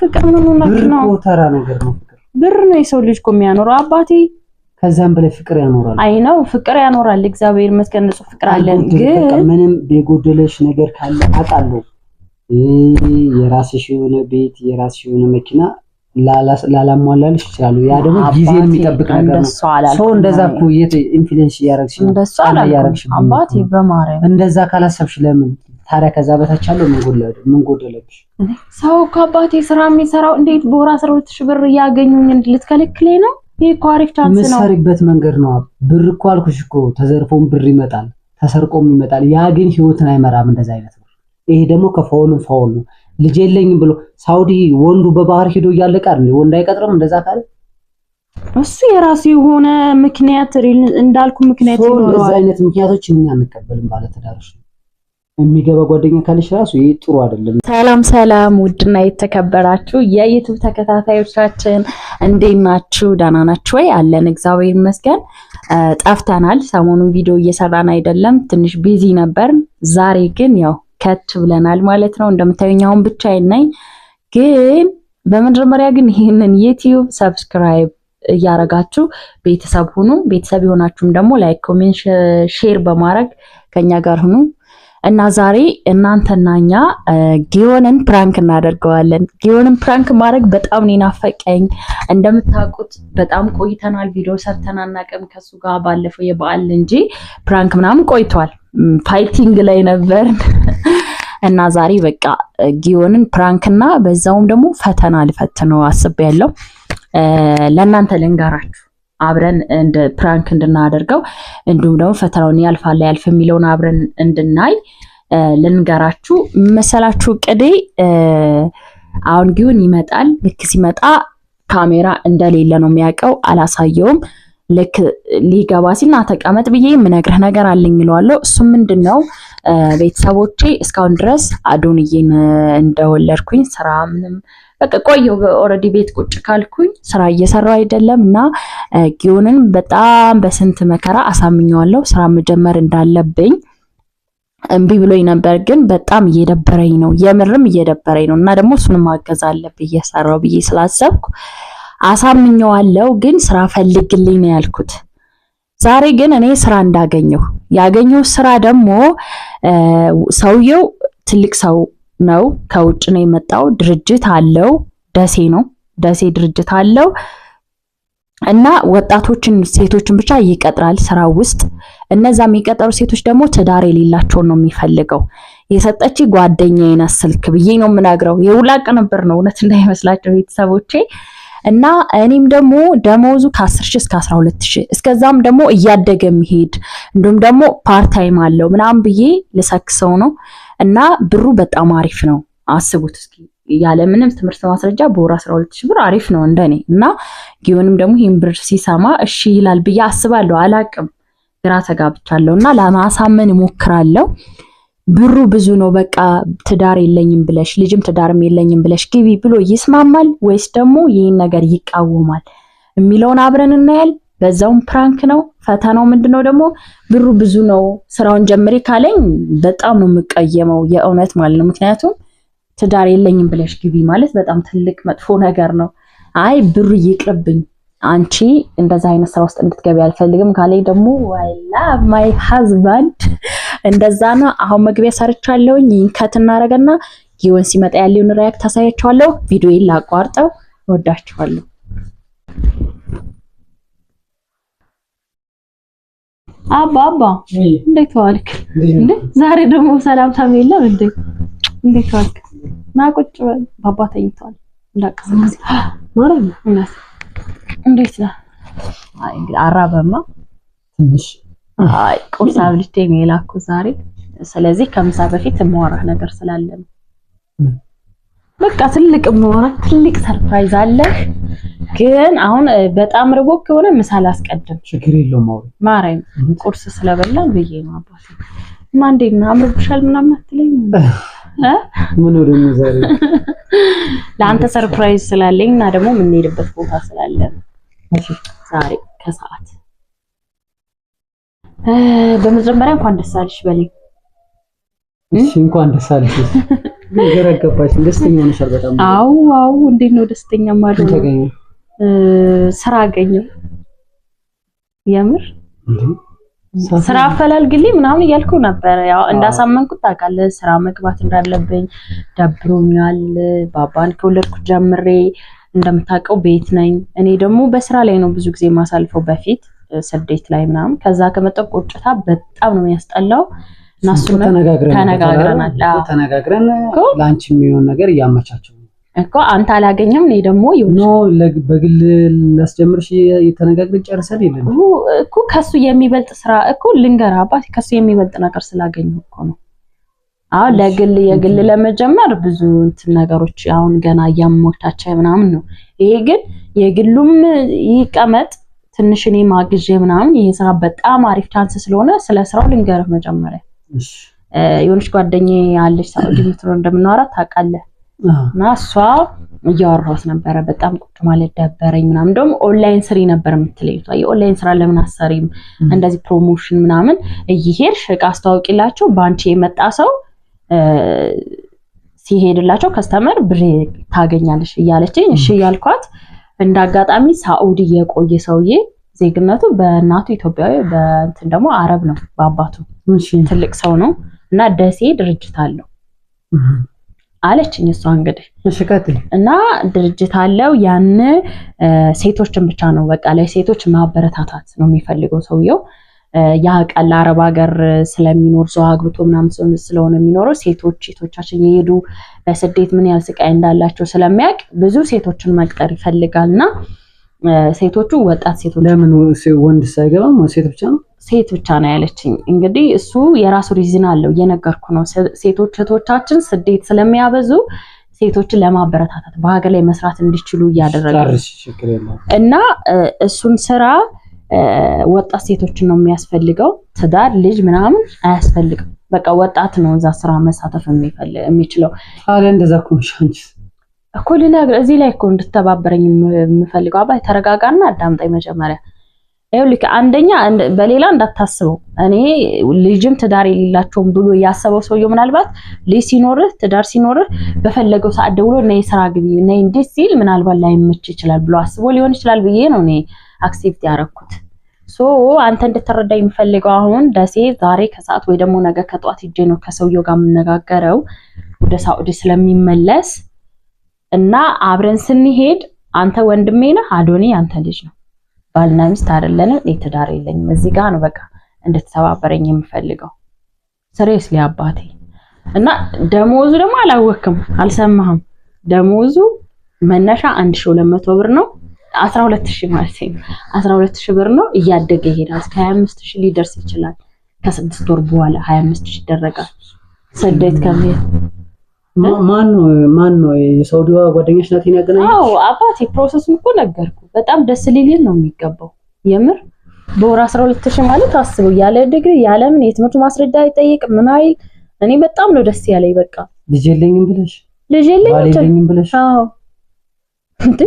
ፍቅር ምን ሆናችሁ ነው? ተራ ነገር ነው። ፍቅር ብር ነው የሰው ልጅ እኮ የሚያኖረው አባቴ። ከዛም በላይ ፍቅር ያኖራል። አይ ነው ፍቅር ያኖራል። እግዚአብሔር ይመስገን ንጹህ ፍቅር አለን። ግን ምንም የጎደለሽ ነገር ካለ አውቃለሁ። የራስሽ የሆነ ቤት፣ የራስሽ የሆነ መኪና ላላሟላልሽ ይችላሉ። ያ ደግሞ ጊዜ የሚጠብቅ ነገር ነው። ሰው እንደዛ እኮ የት ኢንፍሉዌንስ እያደረግሽ ነው? እንደዛ ካላሰብሽ ለምን ታዲያ ከዛ በታች ያለው ምን ጎደለብሽ? ሰው ከአባቴ ስራ የሚሰራው እንዴት በወር አስራ ሁለት ሺህ ብር እያገኙኝ ልትከለክለኝ ነው? ይህ እኮ አሪፍ ቻንስ ነው። የምትሰሪበት መንገድ ነው። ብር እኮ አልኩሽ እኮ ተዘርፎም ብር ይመጣል፣ ተሰርቆም ይመጣል። ያ ግን ህይወትን አይመራም። እንደዛ አይነት ነው። ይሄ ደግሞ ከፋውልም ፋውል ነው። ልጅ የለኝም ብሎ ሳውዲ ወንዱ በባህር ሄዶ እያለቀ አይደል? ወንድ አይቀጥርም እንደዛ ካለ እሱ የራሱ የሆነ ምክንያት እንዳልኩ ምክንያት ይኖረዋል። እንደዛ አይነት ምክንያቶች እኛ አንቀበልም ባለትዳሮች ነው የሚገባ ጓደኛ ካለሽ ራሱ ይህ ጥሩ አይደለም። ሰላም ሰላም፣ ውድና የተከበራችሁ የዩቱብ ተከታታዮቻችን እንዴት ናችሁ? ደህና ናችሁ ወይ? አለን እግዚአብሔር ይመስገን። ጠፍተናል። ሰሞኑን ቪዲዮ እየሰራን አይደለም፣ ትንሽ ቢዚ ነበር። ዛሬ ግን ያው ከት ብለናል ማለት ነው። እንደምታዩኝ አሁን ብቻዬን ነኝ። ግን በመጀመሪያ ግን ይህንን ዩቲዩብ ሰብስክራይብ እያረጋችሁ ቤተሰብ ሁኑ። ቤተሰብ የሆናችሁም ደግሞ ላይክ፣ ኮሜንት፣ ሼር በማድረግ ከኛ ጋር ሁኑ። እና ዛሬ እናንተና እኛ ጊዮንን ፕራንክ እናደርገዋለን። ጊዮንን ፕራንክ ማድረግ በጣም ነው ናፈቀኝ። እንደምታውቁት በጣም ቆይተናል፣ ቪዲዮ ሰርተን አናውቅም ከሱ ጋር ባለፈው የበዓል እንጂ ፕራንክ ምናምን ቆይቷል። ፋይቲንግ ላይ ነበር እና ዛሬ በቃ ጊዮንን ፕራንክ እና በዛውም ደግሞ ፈተና ልፈት ልፈትነው አስቤያለሁ። ለእናንተ ልንገራችሁ አብረን እንደ ፕራንክ እንድናደርገው እንዲሁም ደግሞ ፈተናውን ያልፋል ያልፍ የሚለውን አብረን እንድናይ ልንገራችሁ መሰላችሁ። ቅዴ አሁን ጊሁን ይመጣል። ልክ ሲመጣ ካሜራ እንደሌለ ነው የሚያውቀው። አላሳየውም ልክ ሊገባ ሲል ና ተቀመጥ ብዬ የምነግርህ ነገር አለኝ ይለዋለሁ። እሱ ምንድን ነው ቤተሰቦቼ እስካሁን ድረስ አዶንዬን እንደወለድኩኝ ስራ ምንም በቃ ቆየው ኦልሬዲ ቤት ቁጭ ካልኩኝ ስራ እየሰራው አይደለም እና ጊዮንን በጣም በስንት መከራ አሳምኘዋለሁ ስራ መጀመር እንዳለብኝ እምቢ ብሎኝ ነበር፣ ግን በጣም እየደበረኝ ነው፣ የምርም እየደበረኝ ነው እና ደግሞ እሱንም ማገዝ አለብኝ ብዬ ስላሰብኩ አሳምኘዋለሁ ግን ስራ ፈልግልኝ ነው ያልኩት። ዛሬ ግን እኔ ስራ እንዳገኘሁ ያገኘው ስራ ደግሞ ሰውየው ትልቅ ሰው ነው፣ ከውጭ ነው የመጣው። ድርጅት አለው፣ ደሴ ነው፣ ደሴ ድርጅት አለው እና ወጣቶችን ሴቶችን ብቻ ይቀጥራል ስራ ውስጥ። እነዛ የሚቀጠሩ ሴቶች ደግሞ ትዳር የሌላቸውን ነው የሚፈልገው። የሰጠች ጓደኛዬ ናት ስልክ ብዬ ነው የምናግረው። የውላቅ ነበር ነው እውነት እንዳይመስላቸው ቤተሰቦቼ እና እኔም ደግሞ ደሞዙ ከ10 ሺህ እስከ 12 ሺህ እስከዛም ደግሞ እያደገ የሚሄድ እንዲሁም ደግሞ ፓርታይም አለው ምናምን ብዬ ልሰክሰው ነው። እና ብሩ በጣም አሪፍ ነው። አስቡት እስኪ ምንም ትምህርት ማስረጃ በወር 12 ሺህ ብር አሪፍ ነው እንደኔ። እና ጊዮንም ደግሞ ይህን ብር ሲሰማ እሺ ይላል ብዬ አስባለሁ። አላቅም፣ ግራ ተጋብቻለሁ እና ለማሳመን እሞክራለሁ። ብሩ ብዙ ነው፣ በቃ ትዳር የለኝም ብለሽ ልጅም ትዳርም የለኝም ብለሽ ግቢ ብሎ ይስማማል ወይስ ደግሞ ይህን ነገር ይቃወማል የሚለውን አብረን እናያል። በዛውም ፕራንክ ነው። ፈተናው ምንድነው ደግሞ ብሩ ብዙ ነው፣ ስራውን ጀምሪ ካለኝ በጣም ነው የምቀየመው፣ የእውነት ማለት ነው። ምክንያቱም ትዳር የለኝም ብለሽ ግቢ ማለት በጣም ትልቅ መጥፎ ነገር ነው። አይ ብሩ ይቅርብኝ፣ አንቺ እንደዛ አይነት ስራ ውስጥ እንድትገቢ አልፈልግም ካለኝ ደግሞ ዋይላ ማይ ሃዝባንድ እንደዛ ነው። አሁን መግቢያ ሰርቻለሁኝ። ይህን ከት እናደርግና ይሁን ሲመጣ ያለውን ሪያክት ታሳያችኋለሁ። ቪዲዮ ላቋርጠው። ወዳችኋለሁ። አባ አባ እንዴት ዋልክ? እንዴ ዛሬ ደግሞ ሰላምታም የለም እንዴ? እንዴት ዋልክ? ና ቁጭ በል። ባባ ተኝቷል እንዳቀሰቀሰ ማለት ነው። እንዴት ነህ? አይ እንግዲህ አራበማ ትንሽ ቁርስ አብልቼ ነው የላኩ ዛሬ። ስለዚህ ከምሳ በፊት የማወራህ ነገር ስላለ ነው። በቃ ትልቅ የማወራህ ትልቅ ሰርፕራይዝ አለ። ግን አሁን በጣም ርቦክ ከሆነ ምሳ ላስቀድም። ችግር የለውም። አውሪ ማረኝ። ቁርስ ስለበላ ብዬ ነው አባቴ። እማ እንዴት ነው አምርብሻል ምናምን አትለኝም? ምን ወደ ዛሬ ለአንተ ሰርፕራይዝ ስላለኝ እና ደግሞ የምንሄድበት ቦታ ስላለ ዛሬ ከሰዓት በመጀመሪያ እንኳን ደስ አለሽ በለኝ። እሺ፣ እንኳን ደስ አለሽ። ነገር አገባሽ፣ ደስተኛ ሆነሻል በጣም። አዎ፣ አዎ። እንዴት ነው ደስተኛ ማለት ነው? ተገኘ ስራ አገኘው። የምር ስራ አፈላልግልኝ ምናምን እያልከው ነበረ። ያው እንዳሳመንኩት ታውቃለህ፣ ስራ መግባት እንዳለብኝ ደብሮኛል። ባባን ከወለድኩት ጀምሬ እንደምታውቀው ቤት ነኝ። እኔ ደግሞ በስራ ላይ ነው ብዙ ጊዜ የማሳልፈው በፊት ስደት ላይ ምናምን ከዛ ከመጣው ቁጭታ በጣም ነው የሚያስጠላው። እና እሱን ተነጋግረናል ተነጋግረን ለአንቺ የሚሆን ነገር እያመቻቸው እኮ አንተ አላገኘም እኔ ደግሞ ኖ በግል ላስጀምርሽ የተነጋግረን ጨርሰን የለን እኮ ከሱ የሚበልጥ ስራ እኮ ልንገር አባት ከሱ የሚበልጥ ነገር ስላገኘ እኮ ነው። አሁን ለግል የግል ለመጀመር ብዙ እንትን ነገሮች አሁን ገና እያሞታቸው ምናምን ነው። ይሄ ግን የግሉም ይቀመጥ ትንሽ እኔ ማግዤ ምናምን ይሄ ስራ በጣም አሪፍ ቻንስ ስለሆነ ስለ ስራው ልንገርህ። መጀመሪያ የሆነች ጓደኛዬ አለች ሳውዲ ምትሮ እንደምናወራ ታውቃለህ። እና እሷ እያወራት ነበረ። በጣም ቁጭ ማለት ደበረኝ ምናምን። ደግሞ ኦንላይን ስሪ ነበር የምትለኝ። የኦንላይን ስራ ለምን አሰሪም እንደዚህ ፕሮሞሽን ምናምን እየሄድሽ እቃ አስተዋውቂላቸው፣ በአንቺ የመጣ ሰው ሲሄድላቸው ከስተመር ብር ታገኛለሽ እያለችኝ እሺ እያልኳት እንደ አጋጣሚ ሳኡዲ የቆየ ሰውዬ ዜግነቱ በእናቱ ኢትዮጵያዊ በእንትን ደግሞ አረብ ነው በአባቱ ትልቅ ሰው ነው እና ደሴ ድርጅት አለው አለችኝ እሷ እንግዲህ እና ድርጅት አለው ያን ሴቶችን ብቻ ነው በቃ ላይ ሴቶች ማበረታታት ነው የሚፈልገው ሰውየው ያ አረብ ለአረብ ሀገር ስለሚኖር ሰው አግብቶ ምናምን ስለሆነ የሚኖረው ሴቶች ሴቶቻችን የሄዱ በስደት ምን ያህል ስቃይ እንዳላቸው ስለሚያውቅ ብዙ ሴቶችን መቅጠር ይፈልጋል እና ሴቶቹ ወጣት ሴቶች ለምን ወንድ ሴት ብቻ ነው ሴት ብቻ ነው ያለችኝ። እንግዲህ እሱ የራሱ ሪዝን አለው እየነገርኩ ነው። ሴቶች እህቶቻችን ስደት ስለሚያበዙ ሴቶችን ለማበረታታት በሀገር ላይ መስራት እንዲችሉ እያደረገ እና እሱን ስራ ወጣት ሴቶችን ነው የሚያስፈልገው። ትዳር ልጅ ምናምን አያስፈልግም። በቃ ወጣት ነው እዛ ስራ መሳተፍ የሚችለው። አለ እንደዛ ኮንሻንች እኮ ልነግርህ እዚህ ላይ እኮ እንድተባበረኝ የምፈልገው አባይ ተረጋጋና አዳምጠኝ መጀመሪያ። ይኸውልህ አንደኛ በሌላ እንዳታስበው እኔ ልጅም ትዳር የሌላቸውም ብሎ ያሰበው ሰውየው ምናልባት ልጅ ሲኖርህ ትዳር ሲኖርህ በፈለገው ሰዓት ደውሎ ነይ ስራ ግቢ ነይ እንዴት ሲል ምናልባት ላይመች ይችላል ብሎ አስቦ ሊሆን ይችላል ብዬ ነው እኔ አክሴፕት ያደረኩት። ሶ አንተ እንድትረዳ የምፈልገው አሁን ደሴ ዛሬ ከሰዓት ወይ ደግሞ ነገ ከጠዋት ሄጄ ነው ከሰውየው ጋር የምነጋገረው ወደ ሳዑዲ ስለሚመለስ እና አብረን ስንሄድ አንተ ወንድሜ ነህ፣ አዶኔ አንተ ልጅ ነው። ባልና ሚስት አይደለንም። የትዳር የለኝም። እዚህ ጋር ነው በቃ እንድትተባበረኝ የምፈልገው ስሬስሊ አባቴ። እና ደሞዙ ደግሞ አላወክም፣ አልሰማህም። ደሞዙ መነሻ አንድ ሺህ ሁለት መቶ ብር ነው። አስራ ሁለት ሺህ ማለት ነው። አስራ ሁለት ሺህ ብር ነው እያደገ ይሄዳል። እስከ ሀያ አምስት ሺህ ሊደርስ ይችላል። ከስድስት ወር በኋላ ሀያ አምስት ሺህ ይደረጋል። ሰደት ከመሄድ ማን ማን ነው የሳውዲዋ ጓደኞች ናት ያገናኘች? አዎ አባቴ ፕሮሰሱን እኮ ነገርኩ። በጣም ደስ ሊልን ነው የሚገባው የምር በወር 12000 ማለት አስበው፣ ያለ ዲግሪ ያለ ምን የትምህርቱ ማስረጃ አይጠይቅ ምን አይል። እኔ በጣም ነው ደስ ያለኝ። በቃ ልጅ የለኝም ብለሽ ልጅ የለኝም ብለሽ አዎ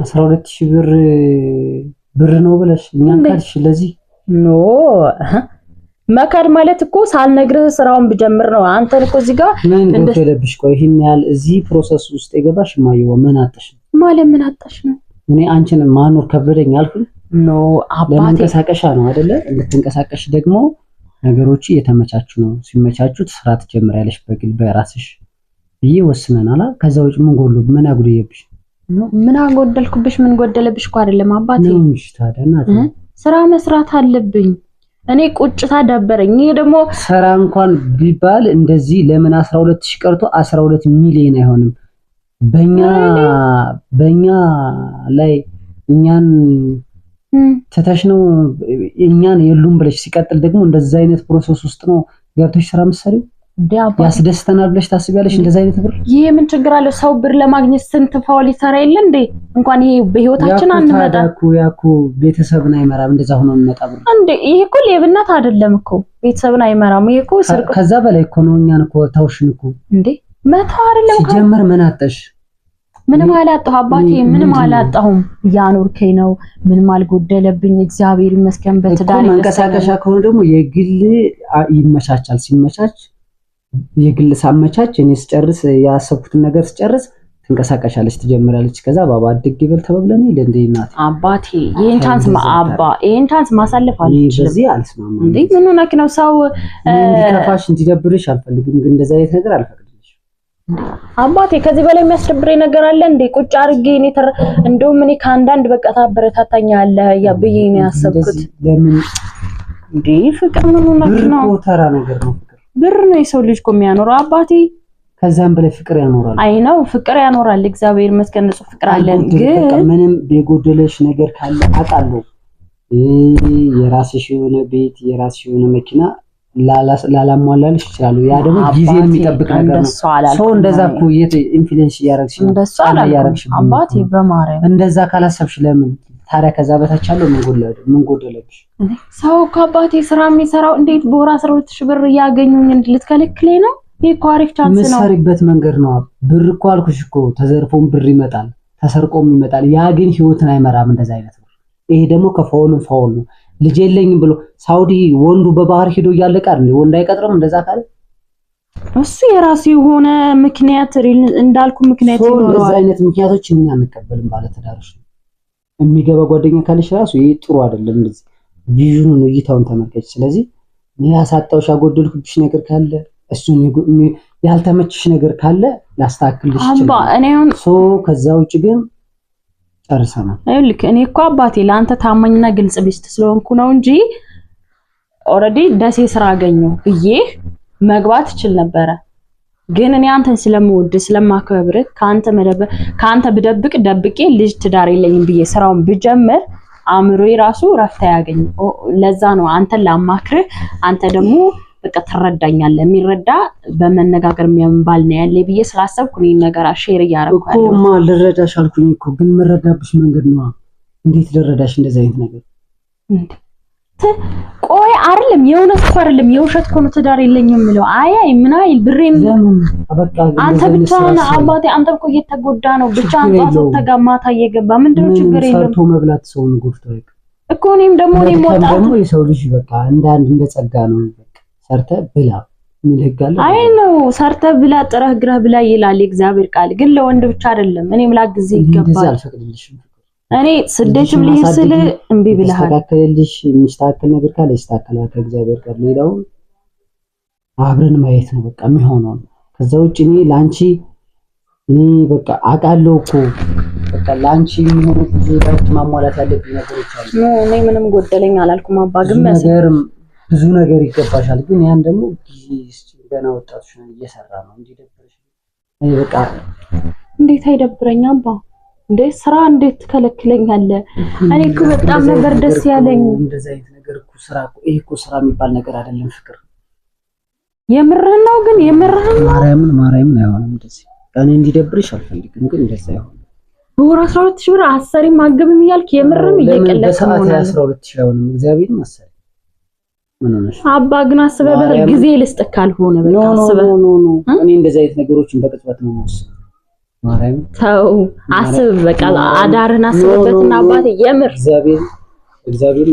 አስራ ሁለት ሺህ ብር ብር ነው ብለሽ እኛን ካልሽ፣ ለዚህ ኖ መካድ ማለት እኮ ሳልነግርህ ስራውን ብጀምር ነው። አንተን እኮ እዚህ ጋር ምን ጎደለብሽ? ቆይ ይህን ያህል እዚህ ፕሮሰስ ውስጥ የገባሽ ማየው ምን አጣሽ ነው ማለት ምን አጣሽ ነው? እኔ አንቺን ማኖር ከበደኝ አልኩኝ። ኖ አባቴ ለመንቀሳቀሻ ነው አይደለ? እንድትንቀሳቀሽ ደግሞ ነገሮች እየተመቻቹ ነው። ሲመቻቹ ስራ ትጀምሪያለሽ በግል በራስሽ ብዬ ወስነናላ። ከዛ ውጭ ምን ጎሎ ምን አጉደየብሽ? ምን አጎደልኩብሽ? ምን ጎደለብሽ እኮ አይደለም አባቴ። ስራ መስራት አለብኝ። እኔ ቁጭታ ዳበረኝ። ይሄ ደግሞ ስራ እንኳን ቢባል እንደዚህ ለምን 12 ሺህ ቀርቶ 12 ሚሊዮን አይሆንም። በኛ በኛ ላይ እኛን ትተሽ ነው እኛን የሉም ብለሽ ሲቀጥል ደግሞ እንደዛ አይነት ፕሮሰስ ውስጥ ነው ገብተሽ ስራ መሰሪው ያስደስተናል ብለሽ ታስቢያለሽ? እንደዚህ አይነት ብር ይሄ ምን ችግር አለው? ሰው ብር ለማግኘት ስንት ፋውል ይሰራ የለ እንዴ? እንኳን ይሄ በህይወታችን አንመጣ ያኩ ቤተሰብን አይመራም። እንደዛ ሆኖ እንመጣ ብር እንዴ? ይሄ እኮ ሌብነት አይደለም እኮ ቤተሰብን አይመራም። ይሄ እኮ ስርቅ ከዛ በላይ እኮ ነው። እኛን እኮ ታውሽን እኮ እንዴ መተው አይደለም ሲጀምር ምን አጠሽ? ምንም አላጣሁ አባቴ፣ ምንም አላጣሁም። እያኖርከኝ ነው፣ ምንም አልጎደለብኝ፣ እግዚአብሔር ይመስገን። በትዳር መንቀሳቀሻ ከሆነ ደግሞ የግል ይመቻቻል። ሲመቻች የግል ሳመቻች እኔ ስጨርስ ያሰብኩትን ነገር ስጨርስ ትንቀሳቀሻለች ትጀምራለች። ከዛ ባባ አድግ ይበል ተበብለን ለእንደ እናት አባቴ ይህን ቻንስ አባ ይህን ቻንስ ማሳለፍ አለች። በዚህ አልስማማ። እንዴ ምን ሆነክ ነው? ሰው እንዲከፋሽ እንዲደብርሽ አልፈልግም፣ ግን እንደዛ አይነት ነገር አልፈቅድልሽ አባቴ። ከዚህ በላይ የሚያስደብር ነገር አለ እንዴ? ቁጭ አድርጌ እኔ ተር እንደውም እኔ ከአንዳንድ በቃ ታበረታታኛለህ ያ ብዬ ነው ያሰብኩት። ለምን እንዴ ፍቅር ምን ሆነክ ነው? ተራ ነገር ነው ብር ነው የሰው ልጅ እኮ የሚያኖረው አባቴ። ከዛም በላይ ፍቅር ያኖራል። አይ ነው ፍቅር ያኖራል። እግዚአብሔር ይመስገን ንጹህ ፍቅር አለን። ግን ምንም የጎደለሽ ነገር ካለ አውቃለሁ። የራስሽ የሆነ ቤት የራስሽ የሆነ መኪና ላላሟላልሽ ይችላሉ። ያ ደግሞ ጊዜ የሚጠብቅ ነገር ነው። ሰው እንደዛ እኮ የት ኢንፍሉዌንስ እያደረግሽ ነው። እንደዛ አባቴ በማርያም እንደዛ ካላሰብሽ ለምን ታዲያ ከዛ በታች አለው ምን ጎደለብሽ? ሰው እኮ አባቴ ስራ የሚሰራው እንዴት በወር አስራ ሁለት ሺህ ብር እያገኙኝ ልትከለክለኝ ነው? ይህ እኮ አሪፍ ቻንስ ነው። የምትሰሪበት መንገድ ነው። ብር እኮ አልኩሽ እኮ ተዘርፎም ብር ይመጣል፣ ተሰርቆም ይመጣል። ያ ግን ህይወትን አይመራም እንደዚ አይነት ነው። ይሄ ደግሞ ከፋውልም ፋውል ነው። ልጅ የለኝም ብሎ ሳውዲ ወንዱ በባህር ሂዶ እያለቀ ወንድ አይቀጥርም እንደዛ ካለ እሱ የራሱ የሆነ ምክንያት እንዳልኩ ምክንያት ይኖረዋል። እንደዚህ አይነት ምክንያቶች እኛ አንቀበልም ባለትዳሮች ነው የሚገባ ጓደኛ ካለሽ ራሱ ይሄ ጥሩ አይደለም። እንደዚህ ነው እይታውን ተመልከች። ስለዚህ ያሳጣሁሽ ያጎደልኩብሽ ነገር ካለ እሱን ያልተመችሽ ነገር ካለ ላስተካክልሽ ይችላል። ሶ ከዛ ውጭ ግን ጨርሰናል። ልክ እኔ እኮ አባቴ ለአንተ ታማኝና ግልጽ ሚስት ስለሆንኩ ነው እንጂ ኦልሬዲ ደሴ ስራ አገኘሁ ብዬ መግባት እችል ነበረ። ግን እኔ አንተን ስለምወድ ስለማከብር ከአንተ መደብ ከአንተ ብደብቅ ደብቄ ልጅ ትዳር የለኝም ብዬ ስራውን ብጀምር አእምሮዬ ራሱ ረፍት ያገኝ። ለዛ ነው አንተን ላማክርህ። አንተ ደግሞ በቃ ትረዳኛለህ። የሚረዳ በመነጋገር የሚያምባል ነው ያለ ብዬ ስላሰብኩ ነው ነገር ሼር እያደረኩ እኮ እማ ልረዳሽ አልኩኝ እኮ ግን መረዳብሽ መንገድ ነዋ። እንዴት ልረዳሽ እንደዚህ አይነት ነገር እንዴ ቆይ አይደለም፣ የእውነት እኮ አይደለም፣ የውሸት እኮ ነው። ትዳር የለኝም የምለው ምን አይል አንተ ብቻህን አባቴ፣ አንተ እኮ እየተጎዳ ነው። ብቻህን ማታ እየገባ ችግር የለም። ሰርቶ መብላት ሰውን ጎድቶ እኮ እኔም ደግሞ እኔም ደግሞ የሰው ልጅ በቃ እንደ አንድ እንደ ጸጋ ነው። ሰርተ ብላ አይ ነው ሰርተ ብላ ጥረህ ግረህ ብላ ይላል የእግዚአብሔር ቃል። ግን ለወንድ ብቻ አይደለም፣ እኔም ላግዝህ ይገባል። እኔ ስደትም ልሄድ ስል እምቢ ብለሃል። ተስተካከለልሽ የሚስተካከል ነገር ካለ ይስተካከላል ከእግዚአብሔር ጋር። ሌላው አብረን ማየት ነው በቃ የሚሆነው። ከዛ ውጭ እኔ ለአንቺ እኔ በቃ አውቃለሁ እኮ በቃ ለአንቺ የሚሆኑ ብዙ ነገሮች ማሟላት ያለብኝ ነገሮች አሉ። እኔ ምንም ጎደለኝ አላልኩም አባ፣ ግን ብዙ ነገር ይገባሻል። ግን ያን ደግሞ ጊዜ ገና ወጣቶች እየሰራ ነው እንዲደብረሽ በቃ። እንዴት አይደብረኝ አባ እንዴ ስራ እንዴት ትከለክለኛለህ? እኔ እኮ በጣም ነበር ደስ ያለኝ። እንደዚህ አይነት ነገር እኮ ስራ እኮ ይሄ እኮ ስራ የሚባል ነገር አይደለም። ፍቅር የምርህን ነው ግን የምርህን ነው። ማርያምን ማርያምን አይሆንም እንደዚህ። እኔ እንዲደብርሽ አልፈልግም፣ ግን እንደዚህ አይሆንም። በወር 12 ሺህ ብር አሰሪ አገብም እያልክ የምርም እየቀለድክ ነው። ለምን በሰዓት 12 ሺህ አይሆንም? እግዚአብሔር ይመስገን። ምን ሆነሽ አባ? ግን አስበህ ጊዜ ልስጥህ ካልሆነ በቃ አስበህ። እኔ እንደዚህ አይነት ነገሮችን በቅጽበት ነው የምወስነው ተው አስብ፣ በቃ አዳርህን አስብበትና አባት የምር እግዚአብሔር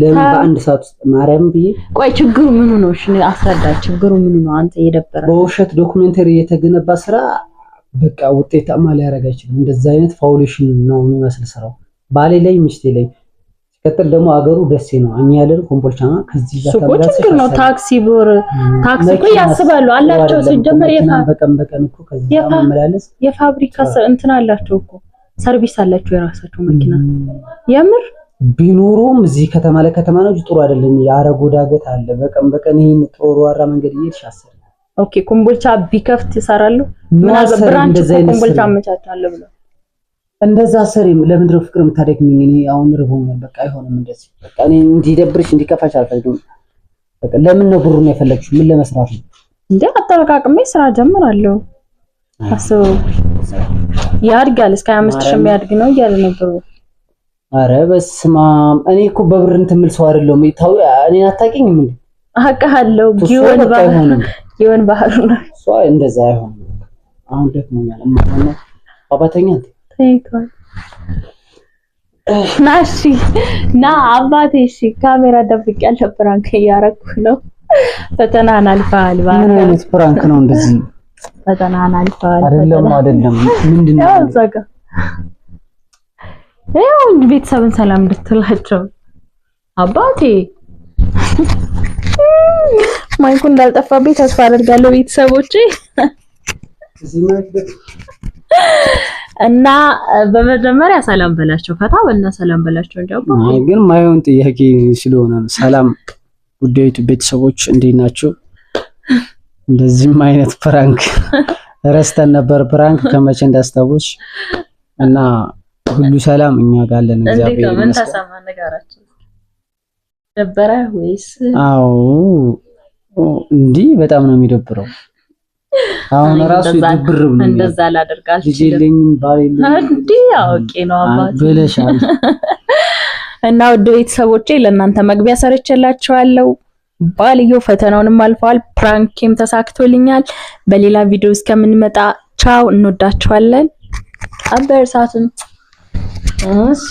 ለምን በአንድ ሰዓት ውስጥ ማርያም ብዬ ቆይ፣ ችግሩ ምኑ ነው? እሺ አስረዳ፣ ችግሩ ምኑ ነው? አንተ የደበረ በውሸት ዶክመንተሪ የተገነባ ስራ በቃ ውጤታማ ሊያደርግ አይችልም። እንደዛ አይነት ነው የሚመስል ስራው ባሌ ላይ ሚስቴ ላይ ቀጥል ደግሞ አገሩ ደሴ ነው። እኛ ያለን ኮምቦልቻ ነው። ከዚህ ጋር ታዲያ ችግር ነው። ታክሲ ብር ታክሲ እኮ ያስባሉ አላቸው። ሲጀመር የፋ በቀን በቀን እኮ ከዚህ ጋር ማመላለስ የፋብሪካ እንትን አላቸው እኮ ሰርቪስ አላቸው የራሳቸው መኪና የምር ቢኖረውም እዚህ ከተማ ለከተማ ነው። ጥሩ አይደለም። የአረጎ ዳገት አለ። በቀን በቀን ይሄን ጥሩ አራ መንገድ እየሄድሽ አሰር ኦኬ ኮምቦልቻ ቢከፍት ይሰራሉ። ምን አዘብራን ኮምቦልቻ አመቻቻለሁ ብለው እንደዛ ሰሪም ለምንድነው ፍቅር የምታደግሚኝ? እኔ አሁን ርቦኛል፣ በቃ አይሆንም። እንደዚህ በቃ እኔ እንዲደብርሽ እንዲከፋሽ አልፈልግም። በቃ ለምን ነው ብሩን የፈለግሽው? ምን ለመስራት ነው እንዴ? አጠረቃቅሜ ስራ ጀምራለሁ። አስቡ፣ ያድጋል። እስከ አምስት ሺህ የሚያድግ ነው እያለ ነበሩ። አረ በስመ አብ! እኔ እኮ በብር እንትን የምል ሰው አይደለሁም። ታው እኔን አታውቂኝም እንዴ? አውቅሃለሁ። ጊዮን ባህሩ ጊዮን ባህሩ ነው። እንደዛ አይሆንም። አሁን ደክሞኛል። ማማ አባተኛ እንዴ ተኝቷል። ና እሺ፣ ና አባቴ። እሺ፣ ካሜራ ደብቅ ያለ ፕራንክ እያረኩ ነው። ፈተናን አልፈሃል። ምን አይነት ፕራንክ ነው እንደዚህ? ፈተናን አልፈሃል። አይደለም አይደለም፣ ምንድን ነው ያው ቤተሰብን ሰላም እንድትላቸው አባቴ ማይኩ እንዳልጠፋብኝ ተስፋ አደርጋለሁ ቤተሰቦቼ እና በመጀመሪያ ሰላም በላቸው ፈታ በልና ሰላም በላቸው። እንደውም አይ ግን ማየውን ጥያቄ ስለሆነ ሰላም ጉዳዩ ቤተሰቦች እንዴት ናቸው? እንደዚህም አይነት ፕራንክ ረስተን ነበር። ፕራንክ ከመቼ እንዳስታወስሽ እና ሁሉ ሰላም እኛ ጋር አለን። እግዚአብሔር ይመስገን። ተሰማ ነገራችን ደበረ ወይስ? አዎ እንዲህ በጣም ነው የሚደብረው አሁን ራሱ ይብር ብሎ እንደዛ ላደርጋል ልጅልኝም ባይል እንዴ አውቄ ነው አባት ብለሻል። እና ውድ ቤተሰቦቼ ለእናንተ መግቢያ ሰርቼላችኋለሁ። ባልየው ፈተናውንም አልፈዋል፣ ፕራንክም ተሳክቶልኛል። በሌላ ቪዲዮ እስከምንመጣ ቻው፣ እንወዳችኋለን። አበርሳቱን እሺ